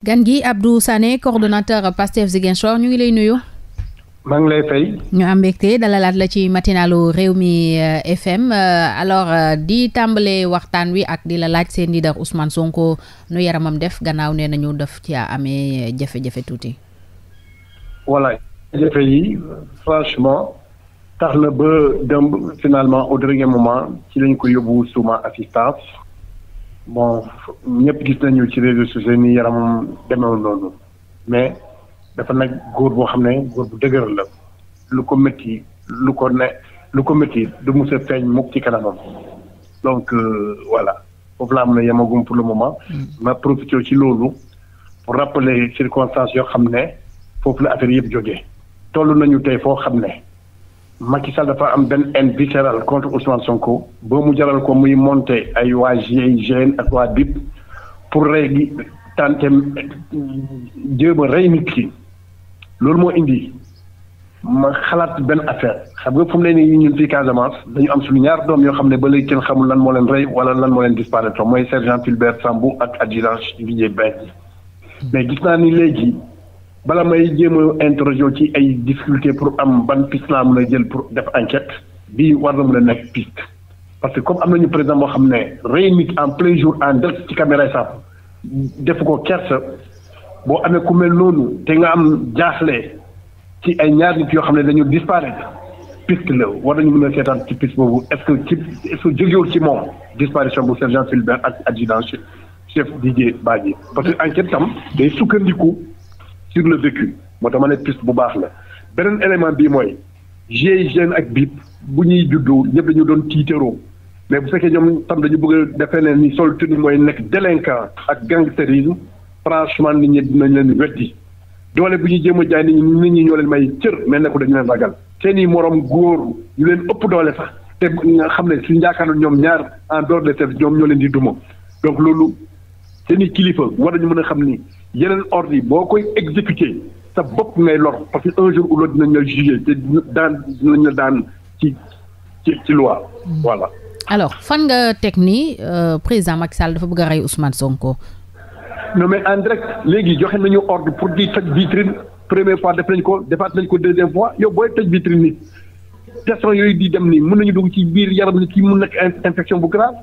gan gi Abdou Sané coordonnateur Pastef Ziguinchor ñu ngi lay nuyu. maa ngi lay ñu am mbégte dalalaat la ci matinalu Rewmi euh, FM euh, alors euh, di tàmbale waxtaan wi ak di la laaj seen leader Ousmane Sonko nu yaramam def gannaaw nee nañu def ci amee jafe-jafe tuuti. voilà jafe yi franchement tax na ba dem finalement ci lañ ko yóbbu suma assistance. bon ñëpp gis nañu ci réseaux sociaux ni yaramam demewul noonu mais dafa nag góor boo xam ne góor bu dëgër la lu ko métti lu ko ne lu ko métti du mos a feeñ mukk ci kanamam donc euh, voilà foofu la am na yemagum pour le moment. Mm. ma profité ci loolu pour rappeler circonstances yoo xam ne foofu la affaire yëpp jógee toll nañu tey foo xam ne. Macky Sall dafa am benn haine viscérale contre Ousmane Sonko boo mu jaral ko muy monter ay waa GIGN ak waa BIP pour rey gi tante jéem rey nit ki loolu moo indi ma xalaat benn affaire xam nga fu mu ne nii ñun fii Casamance dañu am suñu ñaar doom yoo xam ne ba léegi kenn xamul lan moo leen rey wala lan moo leen disparaître mooy sergent Fulbert Sambou ak adjudant Didier Badji mais gis naa ni léegi. bala may jéem a interroger ci ay difficulté pour am ban piste laa mën a jël pour def enquête bii war na mun a nekk piste parce que comme am nañu président moo xam ne réunit en plein jour en direct ci caméra yi sax def ko kersa boo amee ku mel noonu te nga am jaaxle ci ay ñaar nit yoo xam ne dañu disparaître piste la war nañu mun a seetaan ci piste boobu est-ce que ci est-ce que jógewul ci moom disparition bu sergent Fulbert ak adjudant chef Didier Badji parce que enquête tam day sukkandiku. sur le vécu moo tax ma ne piste bu baax la beneen élément bi mooy GIGN ak BIP bu ñuy juddoo ñëpp ñu doon tiiteroo mais bu fekkee ñoom tam dañu bëgg a defee ne ni sol tenue mooy nekk délinquant ak gangstérisme franchement nit ñi dinañ leen weddi doole bu ñuy jéem a jaay nit ñi nit ñi ñoo leen may cër mais nekkul dañu leen ragal seen i morom góor ñu leen ëpp doole sax te nga xam ne suñu yaakaaroon ñoom ñaar en dehors de ñoo leen di duma donc loolu seen i kilifa war ñu mën a xam ni. yeneen ordre yi boo koy exécuté sa bopp ngay lor parce que un jour ou l'autre ñu la jugé te daan dinañ la daan ci ci ci loi voilà. alors fan nga teg ni euh, président Macky Sall dafa bëgg a rey Ousmane Sonko. non mais en direct léegi joxe nañu ordre pour di toj vitrine première fois def nañ ko defaat nañ ko deuxième fois yow booy toj vitrine nit. teston yooyu di dem ni mun nañu dugg ci biir yaram nit ki mun nekk infection bu grave.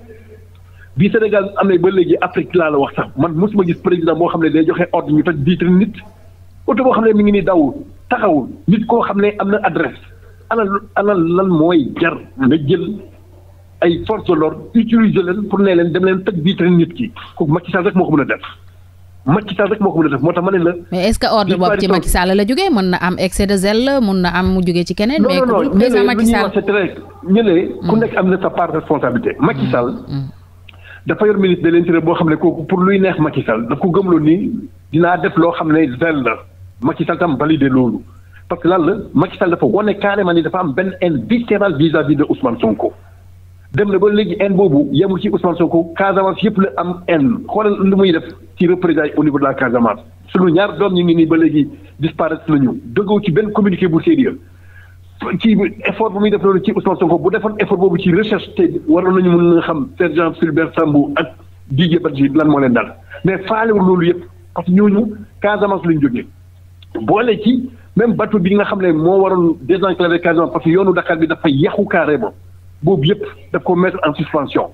bi Sénégal amee ba léegi Afrique laa la wax sax man mosuma gis président moo xam ne day joxe ordre ñu toj vitre nit oto boo xam ne mi ngi ni daw taxawul nit koo xam ne am na adresse ana ana lan mooy jar nga jël ay force de l'ordre utiliser leen pour ne leen dem leen toj vitre ki kooku Macky Sall rek moo ko mën a def Macky rek moo ko mën a def moo tax ma ne la. mais est-ce que ordre boobu ci Macky Sall la jógee mën na am excès de zèle mën na am mu jógee ci keneen. mais ku dul président Macky Sall non non non mm. nekk am na sa part responsabilité. Macky mm. dafa yor ministre de l'intérieur boo xam ne kooku pour luy neex Macky Sall daf ko gëmloo nii dinaa def loo xam ne zel la Macky Sall tam validé loolu parce que lan la Macky Sall dafa wane carrément ni dafa am benn haine viscérale vis-à-vis de Ousmane Sonko. dem na ba léegi haine boobu yemul ci Ousmane Sonko Casamance yëpp la am haine xoolal lu muy def ci représailles au niveau de la Casamance. sunu ñaar doom ñu ngi nii ba léegi disparaître nañu dëggoo ci benn communiqué bu sérieux ci effort bu muy def noonu ci Ousmane Sonko bu defoon effort boobu ci recherche te waroon nañu mën a xam sergent Fulbert Sambou ak Didier Badji lan moo leen dal mais faalewul loolu yëpp parce que ñooñu Casamance lañ jógee boole ci même bateau bi nga xam ne moo waroon désenclaver Casamance parce que yoonu Dakar bi dafa yàqu carrément boobu yëpp daf ko mettre en suspension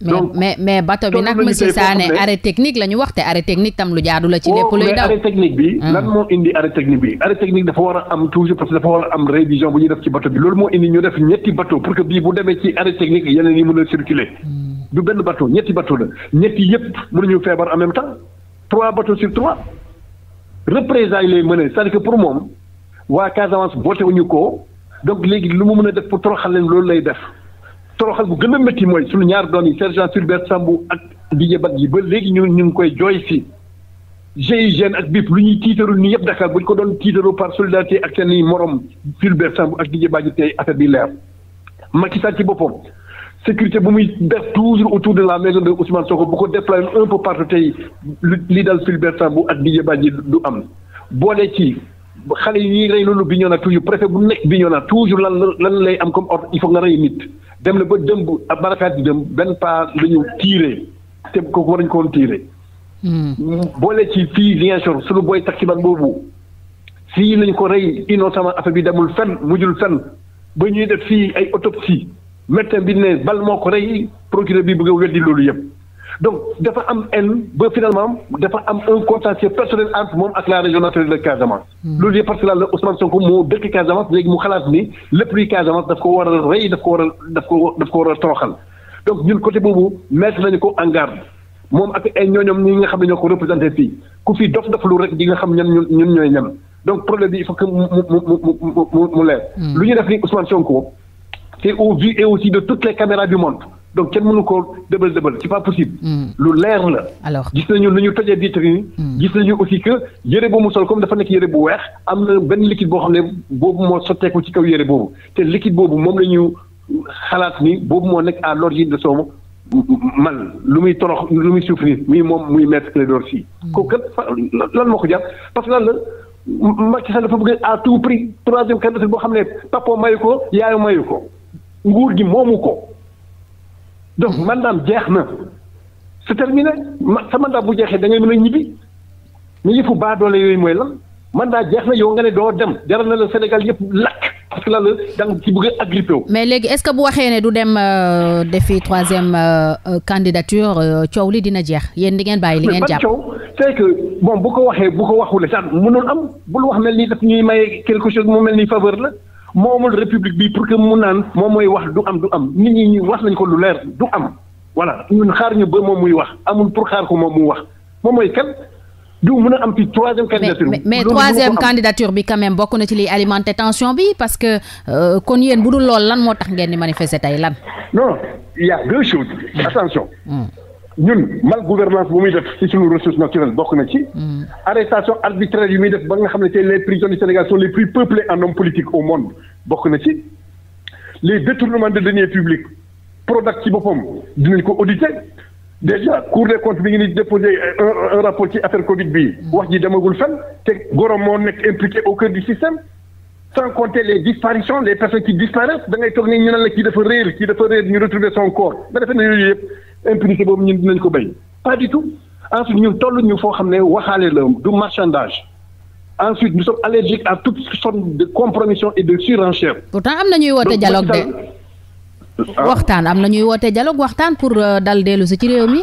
donc mais mais bato bi nag monsieur Sané arrêt technique la ñu wax te arrêt technique tam lu jaadu la ci oh, lépp luy daw arrêt technique bi. Ah. lan moo indi arrêt technique bi arrêt technique dafa a am toujours parce que dafa war a am def ci bato bi loolu moo indi ñu def ñetti bato pour que bii bu demee ci arrêt technique yeneen yi mën a circuler. Hmm. du benn bato ñetti bato la ñetti yëpp mënuñu feebar en même temps trois bato sur trois représailles lay mën a que pour moom waa Casamance voté wuñu ko donc léegi lu mu mën a def pour toroxal leen loolu lay def. toroxal bu gën a métti mooy suñu ñaar doon yi sergent Fulbert Sambou ak Didier Badji ba léegi ñu ñu ngi koy jooy si GIGN ak BIP lu ñuy tiitaru nii yëpp Dakar bu ñu ko doon tiitaru par solidarité ak seen i morom Fulbert Sambou ak Didier Badji tey affaire bi leer Macky Sall ci boppam sécurité bu muy def toujours autour de la maison de Ousmane Sonko bu ko déployé un peu partout tey li dal Fulbert Sambou ak Didier Badji du am boole ci xale yi ñuy rey noonu Bignona toujours préfet bu nekk Bignona toujours lan lan lay am comme ordre il nit dem na ba dëmb a bi dem benn part la ñu tiiree te ko war nañu ko woon tiiree. Hmm. boole ci fii Ziguinchor suñu booy taximan boobu fii lañ ko rey innocemment affaire bi demul fenn mujjul fenn ba ñuy def fii ay autopsie médecin bi ne bal moo ko rey procureur bi bëgg a weddi loolu yëpp. donc dafa am haine ba finalement dafa am un contentieux personnel entre moom ak la région naturelle de Casamance. Hmm. loolu yëpp parce que la Ousmane Sonko moo dëkk Casamance léegi mu xalaat ni lépp luy Casamance daf ko war a rey daf ko war a daf ko donc ñun côté boobu mettre nañu ko en moom ak ay ñooñoom ñi nga xam ne ñoo ko représenté fii ku fi dof dof lu rek di nga xam ñan ñun ñun ñooy ñam donc problème bi il mu mu mu mu mu leer. Hmm. lu ñu def ni Ousmane Sonko c'est au vu et donc kenn mënu ko dëbal dëbal c'est pas possible. Hmm. lu leer la. alors gis nañu nu ñu tojee vitrine yi. Hmm. gis nañu aussi que yére boobu mu sol comme dafa nekk yére bu weex am na benn liquide boo xam ne boobu moo sotteeku ci kaw yére boobu te liquide boobu moom la ñu xalaat ni boobu moo nekk à l'origine de son mal lu muy torox lu muy souffrir muy moom muy Maître Clédor Sy. Hmm. kooku kat lan moo ko jàpp parce que lan la. Macky Sall dafa bëgg à tout prix troisième candidature boo xam ne papa mayu ko yaayu mayu ko nguur gi moomu ko donc mandaam jeex na c'est terminé ma sa mandat bu jeexee da ngay mën a ñibbi mais yëfu baa doole yooyu mooy lan mandat jeex na yow nga ne doo dem dara na la Sénégal yëpp lakk parce que la la da nga ci bëgg a wu. mais léegi est-ce que bu waxee ne du dem euh, defi troisième euh, euh, candidature coow li dina jeex yéen di ngeen bàyyi li ngeen jàpp. coow bon bu ko waxee bu ko waxule sax mënul am bul wax mel nii daf ñuy maye quelque chose mu mel nii faveur la. moomul république bi pour que mu naan moom mooy wax du am du am nit ñi ñu wax nañ ko lu leer du am voilà ñun xaar ñu ba moom muy wax amul pour xaar ko moom mu wax moom mooy kan du mën a am ci troisième candidature mais mais troisième candidature bi quand même bokk na ci liy alimenter tension bi parce que euh, kon yéen bu dul lool lan moo tax ngeen di manifester tey lan. non il a deux choses hmm. attention. Mm. ñun mal gouvernance bu muy def ci suñu ressource naturelle bokk na ci. Mm. arrestation arbitraire yu muy def ba nga xam ne tey les prisons du Sénégal sont les plus peuplées en hommes politiques au monde bokk na ci. les détournements de deniers publics Prodac ci boppam dinañ ko auditer déjà Cour des comptes bi ngi ni déposé un rapport ci affaire Covid bi mm. wax ji demagul fenn te goro moo nekk impliqué au cœur du système sans compter les disparitions les personnes qui kii dafa ñu retrouver son corps nga defee ne impunité boobu ñun dinañ ko béy pas du tout ensuite ñun toll ñu foo xam ne waxaale la du marchandage ensuite nous sommes allergiques à toute forme de compromission et de surenchère. pourtant am na ñuy woote dialogue de. waxtaan am na ñuy woote dialogue waxtaan pour euh, dal dellu si ci réew mi.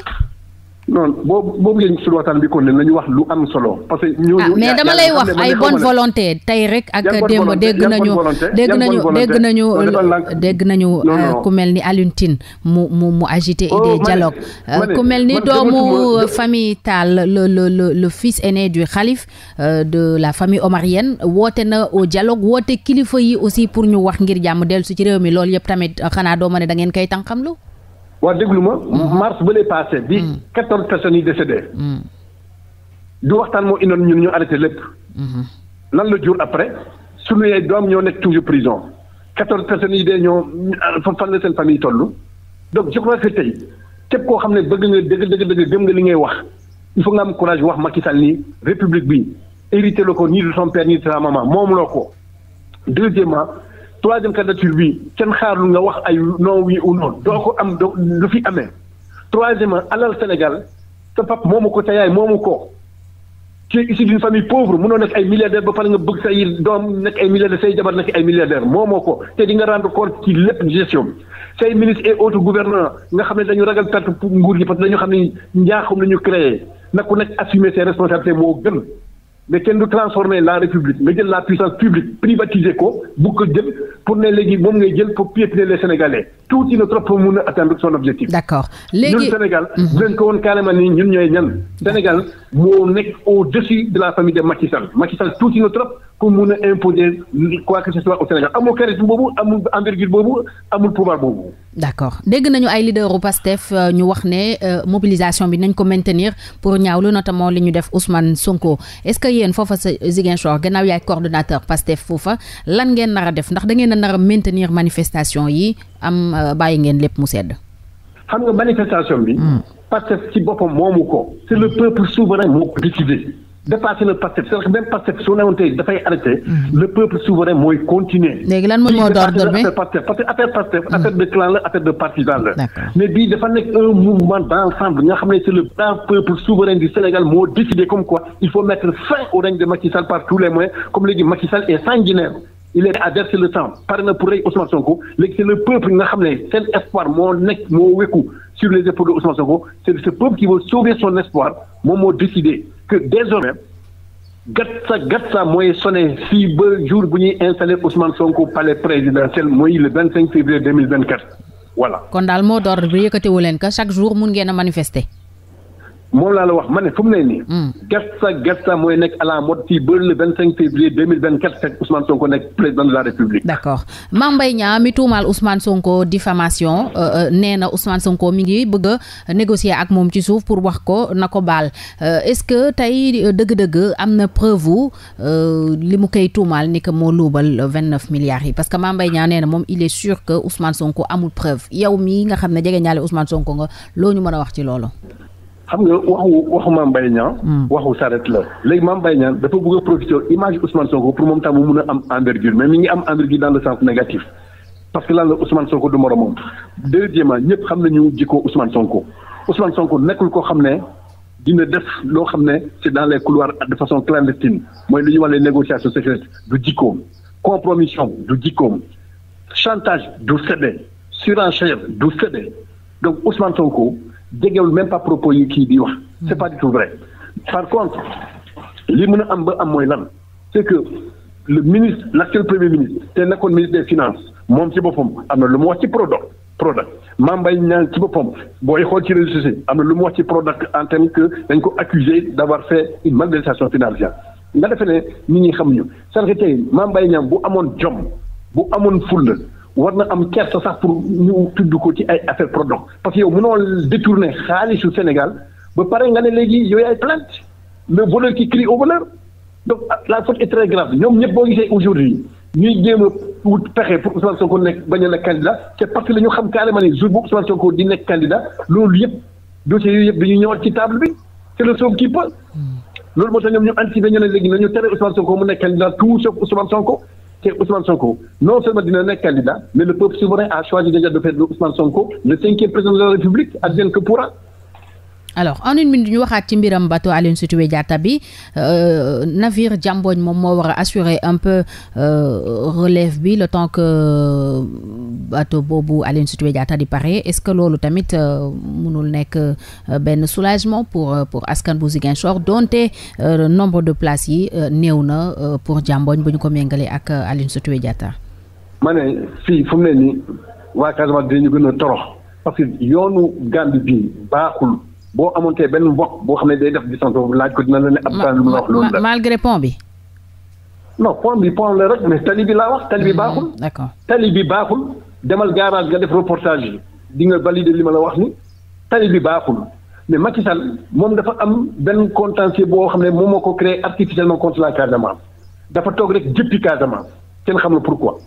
non boobu boobu ngeen suñu waxtaan bi kon ne nañu wax lu am solo. parce ah, mais dama lay wax ay bonne volonté tey rek ak démb dégg nañu euh, dégg nañu dégg nañu dégg ku mel ni Alioune mu mu mu agité idée oh, dialogue euh, ku mel ni doomu euh, famille Tall le le le le fils aîné du de la famille omarienne woote na au woote kilifa yi aussi pour ñu wax ngir jàmm dellu si ci réew mi loolu yëpp tamit xanaa doo ma ne da ngeen koy tànqamlu waa déglu ma. Mm-hmm. mars ba lay passé. bi mm. quatorze personnes yi décédé. Mm. du waxtaan moo indoon ñun ñu arrêté lépp. Mm-hmm. lan la jur après suñu yaay doom ñoo nekk toujours prison quatorze personnes yi dee ñoo fan la seen famille toll. donc je crois que képp koo xam ne bëgg nga dëgg dëgg dëgg gëm nga li ngay wax il faut nga am courage wax Macky Sall nii république bi hérité la ko nii de son père nii sa maman moom loo ko deuxièmement troisième candidature bi kenn xaarul nga wax ay non oui ou non doo ko am doo lu fi amee troisièmement alal Sénégal sa pap moomu ko sa yaay moomu ko tu es issu d'une famille pauvre mënoo ay milliardaire ba pare nga bëgg say doom nekk ay say jabar nekk ay milliardaire moomoo ko te di nga rendre compte ci lépp gestion bi say ministre et autres gouvernants nga xam ne dañu ragal perte nguur gi parce que dañu xam ne njaaxum lañu ñu créé na ku nekk assumer ses responsabilités moo gën mais kenn du transformer la république nga jël la puissance publique privatiser ko bu ko jël pour ne léegi moom ngay jël pour piétiner les sénégalais tuuti na trop pour mun a atteindre son objectif. d'accord léegi ñun Sénégal. dinañ mhm. ko woon carrément ni ñun ñooy ñan. Sénégal moo nekk au-dessus de la famille de Macky Sall Macky Sall tuuti trop pour mun a imposer quoi que soit au Sénégal amul charisme boobu amul envergure boobu amul pouvoir boobu. d'accord dégg euh, ñu wax ne euh, mobilisation bi nañ ko maintenir pour ñaawlu notamment ñu def Ousmane yéen foofa sa Ziguinchor gannaaw yaay coordonnateur Pastef foofa lan ngeen nar a def ndax da ngeen a nar a maintenir manifestation yi am euh, bàyyi ngeen lépp mu sedd. xam nga manifestation bi. Hmm. Pastef ci boppam moomu ko. c'est le peuple souverain moo ko décidé. dépassé na Pastef c'est-à-dire que même Pastef soo newoon tey dafay arrêté. Mhm. le peuple souverain mooy continuer. léegi lan mooy mot d'ordre bi parce que mhm. affaire de clan la affaire de partisan la. mais bii dafa nekk un mouvement d'ensemble nga xam ne c'est le grand souverain du Sénégal moo décidé comme quoi il faut mettre fin au règne de Macky par tous les moyens comme léegi Macky Sall est sanguinaire. il est à verser le temps pare na pour rey Ousmane Sonko léegi sur les épaules de Ousmane Sonko c'est ce peuple qui veut sauver son espoir moom moo décidé que désormais gatsa gatsa mooy sonné fii ba jour bu ñuy installé Ousmane Sonko palais présidentiel mooy le vingt cinq kon daal mot d'ordre bi yëkkatiwu leen que chaque jour mun ngeen a manifester. moom laa la wax ma ne fu mu ne nii. Hmm. gasta gasta mooy nekk à la mode fii ba le vingt cinq février deux mille vingt quatre fekk Ousmane Sonko nekk président de la République. d' accord mi tuumaal Ousmane Sonko euh, euh, nee na Ousmane Sonko mi ngi bëgg a négocier ak moom ci suuf pour wax ko na ko baal euh, est ce que tey dëgg-dëgg am na preuve li mu koy tuumaal ni que moo luubal vingt neuf milliards yi parce que Mame Mbaye nee na moom il est sûr que Ousmane Sonko amul preuve yow mii nga xam ne jege ñaale Ousmane Sonko nga loo ñu mën a wax ci loolu. xam nga waxu waxu Mame Mbaye Niang hmm. waxu saret la léegi Mame Mbaye dafa bëgg a profiter image Ousmane Sonko pour moom tam mu mun a am envergure mais mi ngi am envergure dans le sens négatif parce que lan la Ousmane Sonko du moromam deuxièmement ñëpp xam nañu jikko Ousmane Sonko Ousmane Sonko nekkul koo xam ne dina def loo xam ne c'est dans les couloirs de façon clandestine mooy lu ñuy wax les négociations secrètes du jikkoom compromission du jikkoom chantage du séddee surenchère du séddee donc Ousmane jegewul même pas propos yi kii di wax hmm. c'est pas du tout vrai par contre li mën a am ba am mooy lan c'est que le ministre l'actuel premier ministre te nekkoon ministre des finances moom ci boppam am na lu mu wax ci Prodac Prodac Mame Mbaye Niang ci boppam booy xool ci réseaux am na lu mu wax ci Prodac en terme que dañ ko accusé d'avoir fait une malversation financière nga defee ne nit ñi xam sànq tey Mame Mbaye Niang bu amoon jom bu amoon fulla war na am kersa sax pour ñu tudd ko ci ay affaire Prodac parce que yow mënoo détourner xaalisu Sénégal ba pare nga ne léegi yow yaay plainte le voleur qui crie au voleur donc la faute est très grave ñoom ñëpp boo gisee aujourd'hui ñuy jéem a wut pexe pour Ousmane Sonko nekk bañ a nekk candidat c'est parce que la ñu xam carrément ne jour bu Ousmane Sonko di nekk candidat loolu yëpp dossiers yooyu yëpp dañuy ñëwaat ci table bi c'est le somme qui peut hmm. loolu moo tax ñoom ñu anticipé ñu ne léegi nañu c'est Ousmane Sonko non seulement dina nekk candidat mais le peuple souverain a choisi déjà de faire de Ousmane Sonko le cinquième président de la République advienne que pourra alors en une minute ñu waxaat ci mbiram bateau Aline Sitoé Diatta bi euh, navire Diambogne moom moo war a assurer un peu euh, relève bi le temps que euh, bateau boobu Aline Sitoé Diatta di pare est-ce que loolu tamit mënul nekk benn soulagement pour pour askan bu Ziguinchor donte nombre de place yi néew na pour Diambogne bu ñu ko méngalee ak Aline Sitoé Diatta. ma fii fu ne nii waa Casamance dinañu gën a torox parce yoonu Gambie bi baaxul. boo amontee benn mbokk boo xam ne day def distance boobu laaj ko dina la ne ab taal lu mu wax loolu la malgré pont bi no pont bi pont la rek mais tali bi laa wax tali bi hmm, baaxul d'accord tali bi baaxul demal garage nga def reportage yi di nga valider li ma la wax ni tali bi baaxul mais Macky Sall moom dafa am benn contentieux boo xam ne moom moo ko créé artificiellement contre la Casamance dafa toog rek jëppi Casamance kenn xam na pourquoi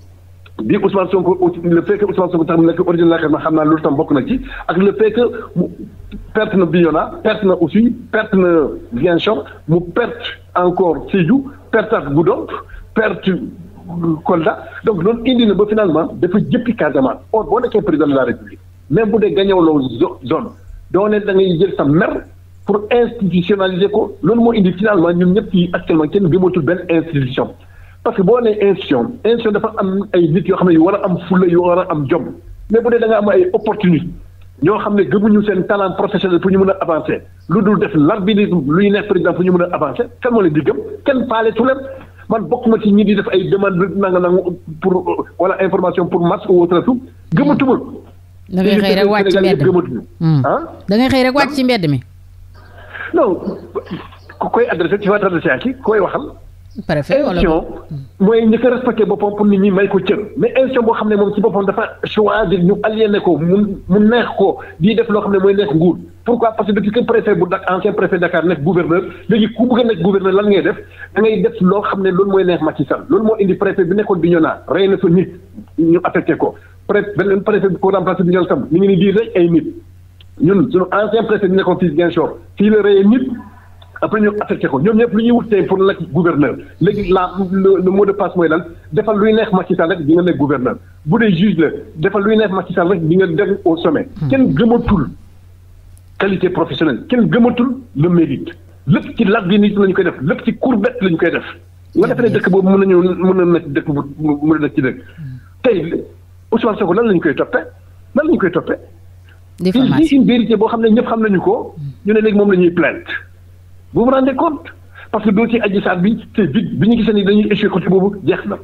bi Ousmane Sonko le fait que Ousmane Sonko tax mu nekk origine la ma xam naa loolu tam bokk na ci ak le fait mu perte na Bignona perte na aussi perte na Ziguinchor mu perte encore Sédhiou perte ak Goudomp perte Kolda donc loolu indi na ba finalement dafa jëppi Casamance or boo nekkee président de la République même bu dee gañewloo zone doo ne da ngay jël sa mer pour institutionnaliser ko loolu moo indi finalement ñun ñëpp fii actuellement kenn gëmatul benn institution parce que boo nee institution institution dafa am ay nit yoo xam ne yu war a am fulla yu war a am jom mais bu dee da am ay opportunité ñoo xam ne gëmuñu seen talent professionnel pour ñu mën a avancé lu dul def l'arbitre luy nekk par exemple pour ñu mën a avancer kenn moo leen di gëm kenn paale tu leen man bokk ma ñi di def ay demande nanga nanga pour wala information pour match ou autre tout gëmatuma. da ngay xëy rek wàcc ci mbedd mi hmm. ah. da ngay xëy rek wàcc ci non ku koy adressé ci waat adressé ak koy waxal. préfet wala élection hmm. mooy ñi ko respecté boppam pour nit ñi may ko cër mais élection boo xam ne moom ci boppam dafa choisir ñu aliéné ko mu mu neex ko di def loo xam ne mooy neex nguur pourquoi parce que depuis que bu Dakar ancien préfet Dakar nekk gouverneur léegi ku bëgg nekk gouverneur lan ngay def da def loo xam ne loolu mooy neex Macky Sall loolu moo indi préfet bi nekkoon Bignona rey na fa nit ñu affecté ko pré beneen bi ko remplacé Bignona tam mi ngi ni di rey après ñoom affecté ko ñoom ñëpp lu ñuy wut tey pour nekk gouverneur léegi laa le mot de passe mooy lan defal luy neex Macky Sall rek di nga nekk gouverneur bu dee juge la defal luy neex Macky Sall rek di nga dem au sommet. Hmm. kenn gëmatul qualité professionnelle kenn gëmatul le mérite lépp ci lag bi nit la ñu koy def lépp ci courbette la ñu koy def. nga defee dëkk boobu mën nañu mën na nekk dëkk bu mën na nekk ci dëkk. Hmm. tey Ousmane Sonko lan la ñu koy toppee lan la koy toppee. déformation il boo xam ne ñëpp xam nañu ko hmm. ñu ne moom la ñuy plainte vous vous rendez compte parce que dossier Adji Sarr bi c'est vide bi ñu gisee ni dañuy échoué côté boobu jeex na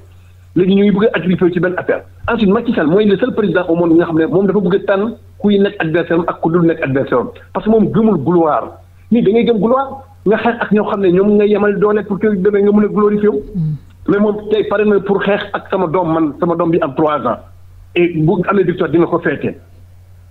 léegi ñu ngi bëgg a attribué ci benn affaire ensuite Macky Sall mooy le seul président au monde nga xam ne moom dafa bëgg a tànn kuy nekk adversaire am ak ku dul nekk adversaire am parce que moom gëmul gloire nii da ngay gëm gloire nga xeex ak ñoo xam ne ñoom nga yemal doole pour que demee nga mën a glorifié wu mm. mais moom tey pare na pour xeex ak sama doom man sama doom bi am trois ans et bu amee victoire dina ko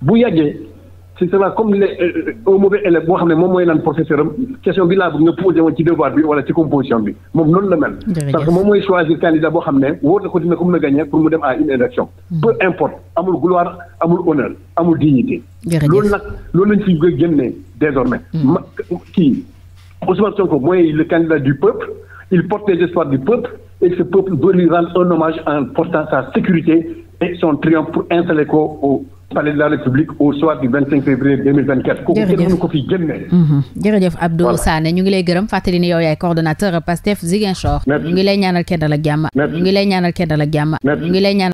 bu yàggee si cela comme les un euh, euh, mauvais élève boo xam ne moom mooy naan professeur question bi laa bëgg nga posé ci devoir bi wala ci composition bi moom noonu la mel. parce que moom mooy choisir candidat boo xam ne wóor na ko dina ko mën a gagné pour mu dem à une élection. Hmm. peu importe amul gloire amul honneur amul dignité. loolu nag loolu lañ fi bëgg génnee désormais. Hmm. ma kii Ousmane Sonko mooy le candidat du peuple il porte les espoirs du peuple et ce peuple en portant sa sécurité et son triomphe pour ko palais de la république au soir du 25 février 2024. kenn ko fi génne. Mhm. jërëjëf Abdou Sané ñu ngi lay gërëm fàttali ni yow yaay coordonnateur Pastef Ziguinchor. ñu ngi lay ñaanal kenn dal ak jàmm. ñu ngi lay ñaanal kenn dal ak jàmm. ñu ngi